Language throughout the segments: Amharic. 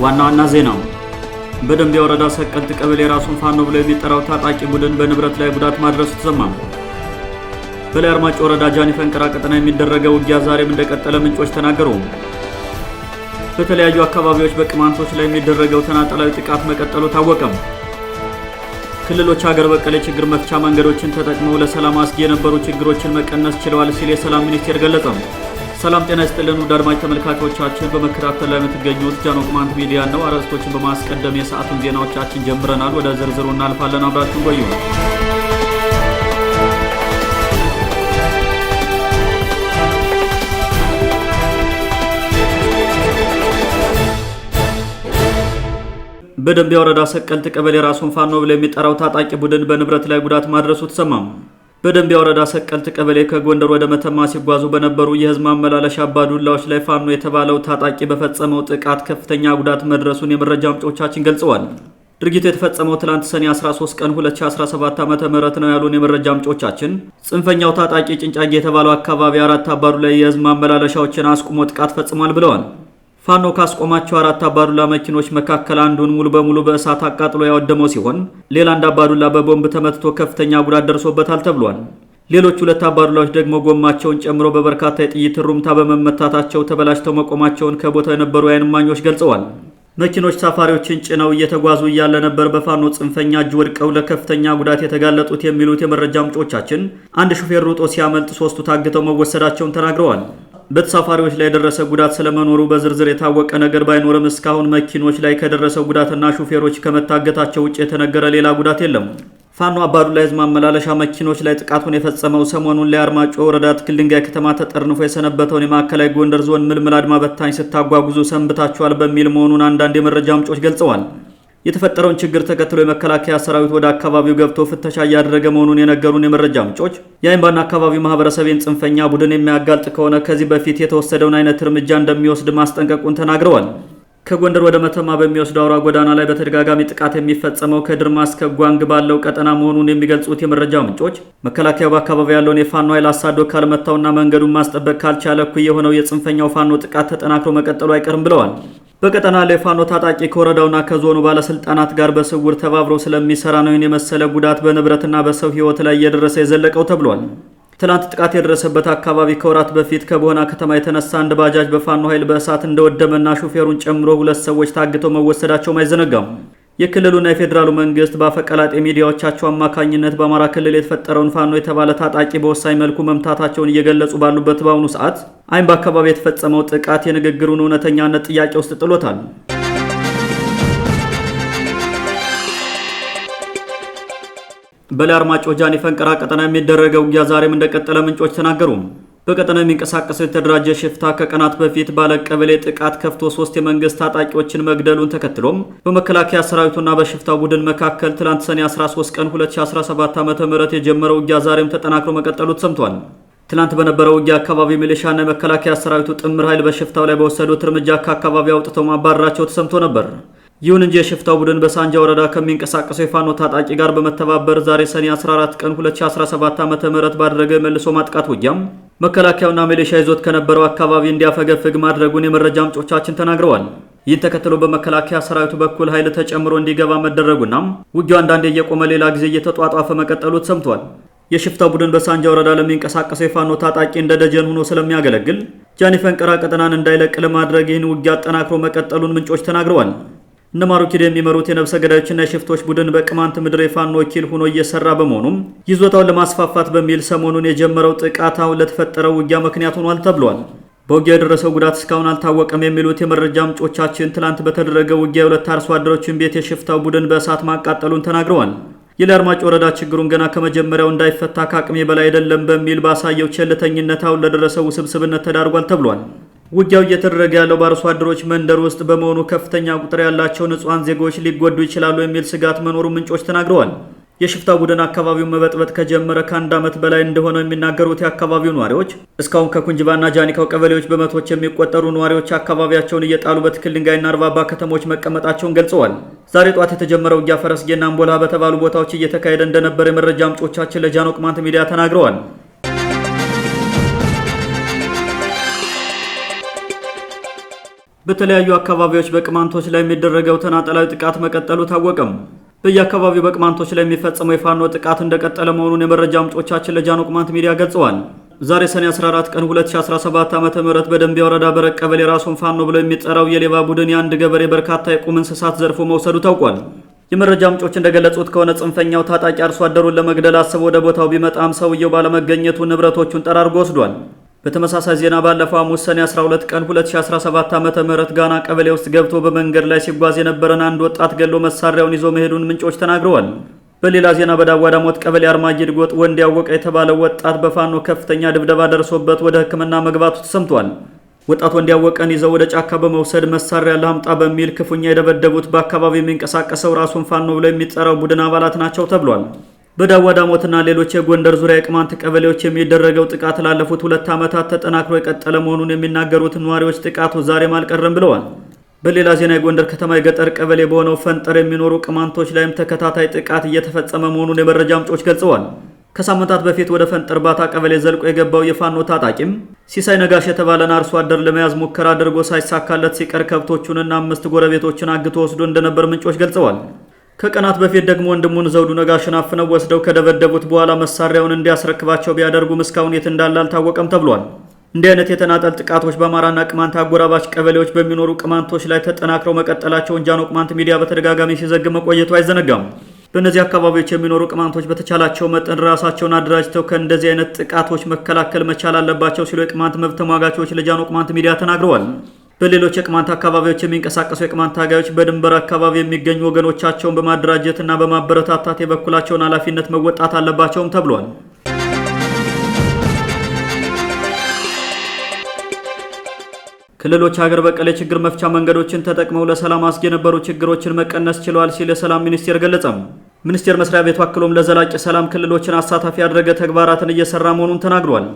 ዋና ዋና ዜናው በደንቢያ ወረዳ ሰቀልት ቀበሌ የራሱን ፋኖ ብሎ የሚጠራው ታጣቂ ቡድን በንብረት ላይ ጉዳት ማድረሱ ተሰማም። በላይ አርማጭ ወረዳ ጃኒ ፈንቅራ ቀጠና የሚደረገው ውጊያ ዛሬም እንደቀጠለ ምንጮች ተናገሩ። በተለያዩ አካባቢዎች በቅማንቶች ላይ የሚደረገው ተናጠላዊ ጥቃት መቀጠሉ ታወቀም። ክልሎች ሀገር በቀል የችግር መፍቻ መንገዶችን ተጠቅመው ለሰላም አስጊ የነበሩ ችግሮችን መቀነስ ችለዋል ሲል የሰላም ሚኒስቴር ገለጸም። ሰላም ጤና ይስጥልን ውድ አድማጭ ተመልካቾቻችን፣ በመከታተል ላይ የምትገኙት ጃኖ ቅማንት ሚዲያ ነው። አርዕስቶችን በማስቀደም የሰዓቱን ዜናዎቻችን ጀምረናል። ወደ ዝርዝሩ እናልፋለን። አብራችሁን ቆዩ። በደንቢያ ወረዳ ሰቀልት ቀበሌ ራሱን ፋኖ ብሎ የሚጠራው ታጣቂ ቡድን በንብረት ላይ ጉዳት ማድረሱ ተሰማም። በደንቢያ ወረዳ ሰቀልት ቀበሌ ከጎንደር ወደ መተማ ሲጓዙ በነበሩ የህዝብ ማመላለሻ አባዱላዎች ላይ ፋኖ የተባለው ታጣቂ በፈጸመው ጥቃት ከፍተኛ ጉዳት መድረሱን የመረጃ ምንጮቻችን ገልጸዋል። ድርጊቱ የተፈጸመው ትላንት ሰኔ 13 ቀን 2017 ዓ ም ነው ያሉን የመረጃ ምንጮቻችን፣ ጽንፈኛው ታጣቂ ጭንጫጌ የተባለው አካባቢ አራት አባዱላ የህዝብ ማመላለሻዎችን አስቁሞ ጥቃት ፈጽሟል ብለዋል። ፋኖ ካስቆማቸው አራት አባዱላ መኪኖች መካከል አንዱን ሙሉ በሙሉ በእሳት አቃጥሎ ያወደመው ሲሆን ሌላ አንድ አባዱላ በቦምብ ተመትቶ ከፍተኛ ጉዳት ደርሶበታል ተብሏል። ሌሎች ሁለት አባዱላዎች ደግሞ ጎማቸውን ጨምሮ በበርካታ የጥይት ሩምታ በመመታታቸው ተበላሽተው መቆማቸውን ከቦታው የነበሩ የዓይን እማኞች ገልጸዋል። መኪኖች ሳፋሪዎችን ጭነው እየተጓዙ እያለ ነበር በፋኖ ጽንፈኛ እጅ ወድቀው ለከፍተኛ ጉዳት የተጋለጡት የሚሉት የመረጃ ምንጮቻችን አንድ ሹፌር ሩጦ ሲያመልጥ ሶስቱ ታግተው መወሰዳቸውን ተናግረዋል። በተሳፋሪዎች ላይ የደረሰ ጉዳት ስለመኖሩ በዝርዝር የታወቀ ነገር ባይኖርም እስካሁን መኪኖች ላይ ከደረሰው ጉዳትና ሹፌሮች ከመታገታቸው ውጭ የተነገረ ሌላ ጉዳት የለም። ፋኖ አባዱላ ህዝብ ማመላለሻ መኪኖች ላይ ጥቃቱን የፈጸመው ሰሞኑን ላይ አርማጮ ወረዳ ትክል ድንጋይ ከተማ ተጠርንፎ የሰነበተውን የማዕከላዊ ጎንደር ዞን ምልምል አድማ በታኝ ስታጓጉዙ ሰንብታችኋል በሚል መሆኑን አንዳንድ የመረጃ ምንጮች ገልጸዋል። የተፈጠረውን ችግር ተከትሎ የመከላከያ ሰራዊት ወደ አካባቢው ገብቶ ፍተሻ እያደረገ መሆኑን የነገሩን የመረጃ ምንጮች የአይምባና አካባቢው ማህበረሰብን ጽንፈኛ ቡድን የሚያጋልጥ ከሆነ ከዚህ በፊት የተወሰደውን አይነት እርምጃ እንደሚወስድ ማስጠንቀቁን ተናግረዋል። ከጎንደር ወደ መተማ በሚወስዱ አውራ ጎዳና ላይ በተደጋጋሚ ጥቃት የሚፈጸመው ከድርማ እስከ ጓንግ ባለው ቀጠና መሆኑን የሚገልጹት የመረጃ ምንጮች መከላከያው በአካባቢው ያለውን የፋኖ ኃይል አሳዶ ካልመታውና መንገዱን ማስጠበቅ ካልቻለ እኩይ የሆነው የጽንፈኛው ፋኖ ጥቃት ተጠናክሮ መቀጠሉ አይቀርም ብለዋል። በቀጠና ለፋኖ ታጣቂ ከወረዳውና ከዞኑ ባለስልጣናት ጋር በስውር ተባብሮ ስለሚሰራ ነው የመሰለ ጉዳት በንብረትና በሰው ህይወት ላይ እየደረሰ የዘለቀው ተብሏል። ትላንት ጥቃት የደረሰበት አካባቢ ከወራት በፊት ከቦሆና ከተማ የተነሳ አንድ ባጃጅ በፋኖ ኃይል በእሳት እንደወደመና ሹፌሩን ጨምሮ ሁለት ሰዎች ታግተው መወሰዳቸውም አይዘነጋም። የክልሉና የፌዴራሉ መንግስት በአፈቀላጤ ሚዲያዎቻቸው አማካኝነት በአማራ ክልል የተፈጠረውን ፋኖ የተባለ ታጣቂ በወሳኝ መልኩ መምታታቸውን እየገለጹ ባሉበት በአሁኑ ሰዓት አይን በአካባቢ የተፈጸመው ጥቃት የንግግሩን እውነተኛነት ጥያቄ ውስጥ ጥሎታል። በላይ አርማጮ ጃን የፈንቅራ ቀጠና የሚደረገው ውጊያ ዛሬም እንደቀጠለ ምንጮች ተናገሩ። በቀጠናው የሚንቀሳቀሰው የተደራጀ ሽፍታ ከቀናት በፊት ባለቀበሌ ጥቃት ከፍቶ ሶስት የመንግስት ታጣቂዎችን መግደሉን ተከትሎም በመከላከያ ሰራዊቱና በሽፍታው ቡድን መካከል ትላንት ሰኔ 13 ቀን 2017 ዓ ም የጀመረው ውጊያ ዛሬም ተጠናክሮ መቀጠሉ ተሰምቷል። ትላንት በነበረው ውጊያ አካባቢ ሚሊሻና የመከላከያ ሰራዊቱ ጥምር ኃይል በሽፍታው ላይ በወሰዱት እርምጃ ከአካባቢ አውጥተው ማባረራቸው ተሰምቶ ነበር። ይሁን እንጂ የሽፍታው ቡድን በሳንጃ ወረዳ ከሚንቀሳቀሰው የፋኖ ታጣቂ ጋር በመተባበር ዛሬ ሰኔ 14 ቀን 2017 ዓ ም ባደረገ መልሶ ማጥቃት ውጊያም መከላከያውና ሚሊሻ ይዞት ከነበረው አካባቢ እንዲያፈገፍግ ማድረጉን የመረጃ ምንጮቻችን ተናግረዋል። ይህን ተከትሎ በመከላከያ ሰራዊቱ በኩል ኃይል ተጨምሮ እንዲገባ መደረጉና ውጊያው አንዳንዴ እየቆመ ሌላ ጊዜ እየተጧጧፈ መቀጠሉ ተሰምቷል። የሽፍታው ቡድን በሳንጃ ወረዳ ለሚንቀሳቀሰው የፋኖ ታጣቂ እንደ ደጀን ሆኖ ስለሚያገለግል ጃኒ ፈንቅራ ቀጠናን እንዳይለቅ ለማድረግ ይህን ውጊያ አጠናክሮ መቀጠሉን ምንጮች ተናግረዋል። እነ ማሩኪድ የሚመሩት የነብሰ ገዳዮችና የሽፍቶች ቡድን በቅማንት ምድር የፋኖ ወኪል ሆኖ እየሰራ በመሆኑም ይዞታውን ለማስፋፋት በሚል ሰሞኑን የጀመረው ጥቃት አሁን ለተፈጠረው ውጊያ ምክንያት ሆኗል ተብሏል። በውጊያ የደረሰው ጉዳት እስካሁን አልታወቀም የሚሉት የመረጃ ምንጮቻችን ትላንት በተደረገ ውጊያ የሁለት አርሶ አደሮችን ቤት የሽፍታው ቡድን በእሳት ማቃጠሉን ተናግረዋል። የለአርማጭ ወረዳ ችግሩን ገና ከመጀመሪያው እንዳይፈታ ከአቅሜ በላይ አይደለም በሚል ባሳየው ቸልተኝነት አሁን ለደረሰው ውስብስብነት ተዳርጓል ተብሏል። ውጊያው እየተደረገ ያለው በአርሶ አደሮች መንደር ውስጥ በመሆኑ ከፍተኛ ቁጥር ያላቸው ንጹሐን ዜጎች ሊጎዱ ይችላሉ የሚል ስጋት መኖሩ ምንጮች ተናግረዋል። የሽፍታ ቡድን አካባቢውን መበጥበጥ ከጀመረ ከአንድ ዓመት በላይ እንደሆነው የሚናገሩት የአካባቢው ነዋሪዎች እስካሁን ከኩንጅባና ጃኒካው ቀበሌዎች በመቶች የሚቆጠሩ ነዋሪዎች አካባቢያቸውን እየጣሉ በትክል ድንጋይና አርባባ ከተሞች መቀመጣቸውን ገልጸዋል። ዛሬ ጠዋት የተጀመረው ውጊያ ፈረስጌና አምቦላ በተባሉ ቦታዎች እየተካሄደ እንደነበረ የመረጃ ምንጮቻችን ለጃኖ ቅማንት ሚዲያ ተናግረዋል። በተለያዩ አካባቢዎች በቅማንቶች ላይ የሚደረገው ተናጠላዊ ጥቃት መቀጠሉ ታወቀም። በየአካባቢው በቅማንቶች ላይ የሚፈጸመው የፋኖ ጥቃት እንደቀጠለ መሆኑን የመረጃ ምንጮቻችን ለጃኖ ቅማንት ሚዲያ ገልጸዋል። ዛሬ ሰኔ 14 ቀን 2017 ዓ.ም በደንቢያ ወረዳ በረቅ ቀበሌ የራሱን ፋኖ ብሎ የሚጠራው የሌባ ቡድን የአንድ ገበሬ በርካታ የቁም እንስሳት ዘርፎ መውሰዱ ታውቋል። የመረጃ ምንጮች እንደገለጹት ከሆነ ጽንፈኛው ታጣቂ አርሶ አደሩን ለመግደል አስቦ ወደ ቦታው ቢመጣም ሰውየው ባለመገኘቱ ንብረቶቹን ጠራርጎ ወስዷል። በተመሳሳይ ዜና ባለፈው ሐሙስ ሰኔ 12 ቀን 2017 ዓ.ም ጋና ቀበሌ ውስጥ ገብቶ በመንገድ ላይ ሲጓዝ የነበረን አንድ ወጣት ገሎ መሳሪያውን ይዞ መሄዱን ምንጮች ተናግረዋል። በሌላ ዜና በዳዋዳሞት ቀበሌ አርማጅድ ጎጥ ወንድ ያወቀ የተባለው ወጣት በፋኖ ከፍተኛ ድብደባ ደርሶበት ወደ ሕክምና መግባቱ ተሰምቷል። ወጣት ወንድ ያወቀን ይዘው ወደ ጫካ በመውሰድ መሳሪያ ለአምጣ በሚል ክፉኛ የደበደቡት በአካባቢው የሚንቀሳቀሰው ራሱን ፋኖ ብሎ የሚጠራው ቡድን አባላት ናቸው ተብሏል። በዳዋ ዳሞትና ሌሎች የጎንደር ዙሪያ የቅማንት ቀበሌዎች የሚደረገው ጥቃት ላለፉት ሁለት ዓመታት ተጠናክሮ የቀጠለ መሆኑን የሚናገሩት ነዋሪዎች ጥቃቱ ዛሬም አልቀረም ብለዋል። በሌላ ዜና የጎንደር ከተማ የገጠር ቀበሌ በሆነው ፈንጠር የሚኖሩ ቅማንቶች ላይም ተከታታይ ጥቃት እየተፈጸመ መሆኑን የመረጃ ምንጮች ገልጸዋል። ከሳምንታት በፊት ወደ ፈንጠር ባታ ቀበሌ ዘልቆ የገባው የፋኖ ታጣቂም ሲሳይ ነጋሽ የተባለን አርሶ አደር ለመያዝ ሙከራ አድርጎ ሳይሳካለት ሲቀር ከብቶቹንና አምስት ጎረቤቶችን አግቶ ወስዶ እንደነበር ምንጮች ገልጸዋል። ከቀናት በፊት ደግሞ ወንድሙን ዘውዱ ነጋሽን አፍነው ወስደው ከደበደቡት በኋላ መሳሪያውን እንዲያስረክባቸው ቢያደርጉም እስካሁን የት እንዳለ አልታወቀም ተብሏል። እንዲህ አይነት የተናጠል ጥቃቶች በአማራና ቅማንት አጎራባች ቀበሌዎች በሚኖሩ ቅማንቶች ላይ ተጠናክረው መቀጠላቸውን ጃኖ ቅማንት ሚዲያ በተደጋጋሚ ሲዘግብ መቆየቱ አይዘነጋም። በእነዚህ አካባቢዎች የሚኖሩ ቅማንቶች በተቻላቸው መጠን ራሳቸውን አደራጅተው ከእንደዚህ አይነት ጥቃቶች መከላከል መቻል አለባቸው ሲሉ የቅማንት መብት ተሟጋቾች ለጃኖ ቅማንት ሚዲያ ተናግረዋል። በሌሎች የቅማንት አካባቢዎች የሚንቀሳቀሱ የቅማንት ታጋዮች በድንበር አካባቢ የሚገኙ ወገኖቻቸውን በማደራጀትና በማበረታታት የበኩላቸውን ኃላፊነት መወጣት አለባቸውም ተብሏል። ክልሎች ሀገር በቀል የችግር መፍቻ መንገዶችን ተጠቅመው ለሰላም አስጊ የነበሩ ችግሮችን መቀነስ ችለዋል ሲል የሰላም ሚኒስቴር ገለጸም። ሚኒስቴር መስሪያ ቤቱ አክሎም ለዘላቂ ሰላም ክልሎችን አሳታፊ ያደረገ ተግባራትን እየሰራ መሆኑን ተናግሯል።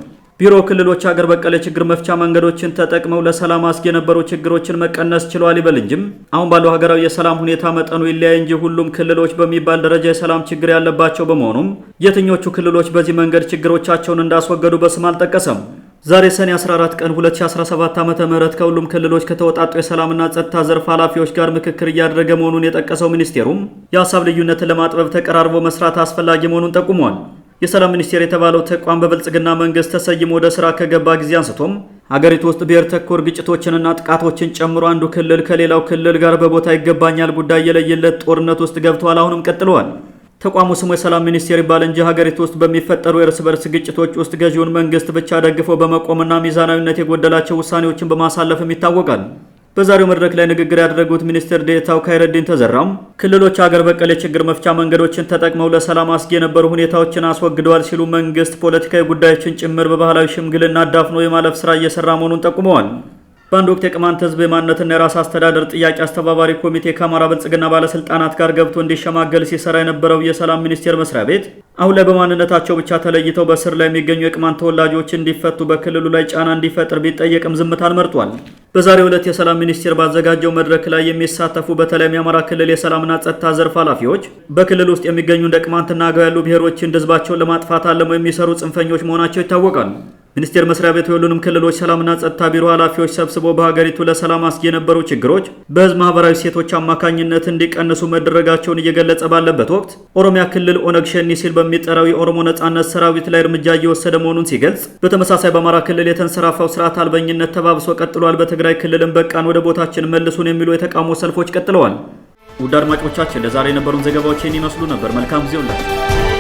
ቢሮ ክልሎች ሀገር በቀል የችግር መፍቻ መንገዶችን ተጠቅመው ለሰላም አስጊ የነበሩ ችግሮችን መቀነስ ችሏል ይበል እንጂም አሁን ባለው ሀገራዊ የሰላም ሁኔታ መጠኑ ይለያይ እንጂ ሁሉም ክልሎች በሚባል ደረጃ የሰላም ችግር ያለባቸው በመሆኑም የትኞቹ ክልሎች በዚህ መንገድ ችግሮቻቸውን እንዳስወገዱ በስም አልጠቀሰም። ዛሬ ሰኔ 14 ቀን 2017 ዓ.ም ከሁሉም ክልሎች ከተወጣጡ የሰላምና ጸጥታ ዘርፍ ኃላፊዎች ጋር ምክክር እያደረገ መሆኑን የጠቀሰው ሚኒስቴሩም የሀሳብ ልዩነትን ለማጥበብ ተቀራርቦ መስራት አስፈላጊ መሆኑን ጠቁሟል። የሰላም ሚኒስቴር የተባለው ተቋም በብልጽግና መንግስት ተሰይሞ ወደ ስራ ከገባ ጊዜ አንስቶም አገሪቱ ውስጥ ብሔር ተኮር ግጭቶችንና ጥቃቶችን ጨምሮ አንዱ ክልል ከሌላው ክልል ጋር በቦታ ይገባኛል ጉዳይ የለየለት ጦርነት ውስጥ ገብተዋል። አሁንም ቀጥለዋል። ተቋሙ ስሙ የሰላም ሚኒስቴር ይባል እንጂ ሀገሪቱ ውስጥ በሚፈጠሩ የእርስ በርስ ግጭቶች ውስጥ ገዢውን መንግስት ብቻ ደግፈው በመቆምና ሚዛናዊነት የጎደላቸው ውሳኔዎችን በማሳለፍም ይታወቃል። በዛሬው መድረክ ላይ ንግግር ያደረጉት ሚኒስትር ዴታው ካይረዲን ተዘራም ክልሎች ሀገር በቀል የችግር መፍቻ መንገዶችን ተጠቅመው ለሰላም አስጊ የነበሩ ሁኔታዎችን አስወግደዋል ሲሉ መንግስት ፖለቲካዊ ጉዳዮችን ጭምር በባህላዊ ሽምግልና አዳፍኖ የማለፍ ስራ እየሰራ መሆኑን ጠቁመዋል። በአንድ ወቅት የቅማንት ህዝብ የማንነትና የራስ አስተዳደር ጥያቄ አስተባባሪ ኮሚቴ ከአማራ ብልጽግና ባለስልጣናት ጋር ገብቶ እንዲሸማገል ሲሰራ የነበረው የሰላም ሚኒስቴር መስሪያ ቤት አሁን ላይ በማንነታቸው ብቻ ተለይተው በስር ላይ የሚገኙ የቅማንት ተወላጆች እንዲፈቱ በክልሉ ላይ ጫና እንዲፈጥር ቢጠየቅም ዝምታን መርጧል። በዛሬው ዕለት የሰላም ሚኒስቴር ባዘጋጀው መድረክ ላይ የሚሳተፉ በተለይም የአማራ ክልል የሰላምና ጸጥታ ዘርፍ ኃላፊዎች በክልል ውስጥ የሚገኙ እንደ ቅማንትና አገው ያሉ ብሔሮችን ህዝባቸውን ለማጥፋት አልመው የሚሰሩ ጽንፈኞች መሆናቸው ይታወቃሉ። ሚኒስቴር መስሪያ ቤቱ የሁሉንም ክልሎች ሰላምና ጸጥታ ቢሮ ኃላፊዎች ሰብስቦ በሀገሪቱ ለሰላም አስጊ የነበሩ ችግሮች በህዝብ ማህበራዊ ሴቶች አማካኝነት እንዲቀንሱ መደረጋቸውን እየገለጸ ባለበት ወቅት ኦሮሚያ ክልል ኦነግ ሸኒ ሲል በሚጠራው የኦሮሞ ነጻነት ሰራዊት ላይ እርምጃ እየወሰደ መሆኑን ሲገልጽ፣ በተመሳሳይ በአማራ ክልል የተንሰራፋው ስርዓት አልበኝነት ተባብሶ ቀጥሏል። በትግራይ ክልልም በቃን ወደ ቦታችን መልሱን የሚሉ የተቃውሞ ሰልፎች ቀጥለዋል። ውድ አድማጮቻችን ለዛሬ የነበሩን ዘገባዎች ይህን ይመስሉ ነበር። መልካም ጊዜ ሁላችሁ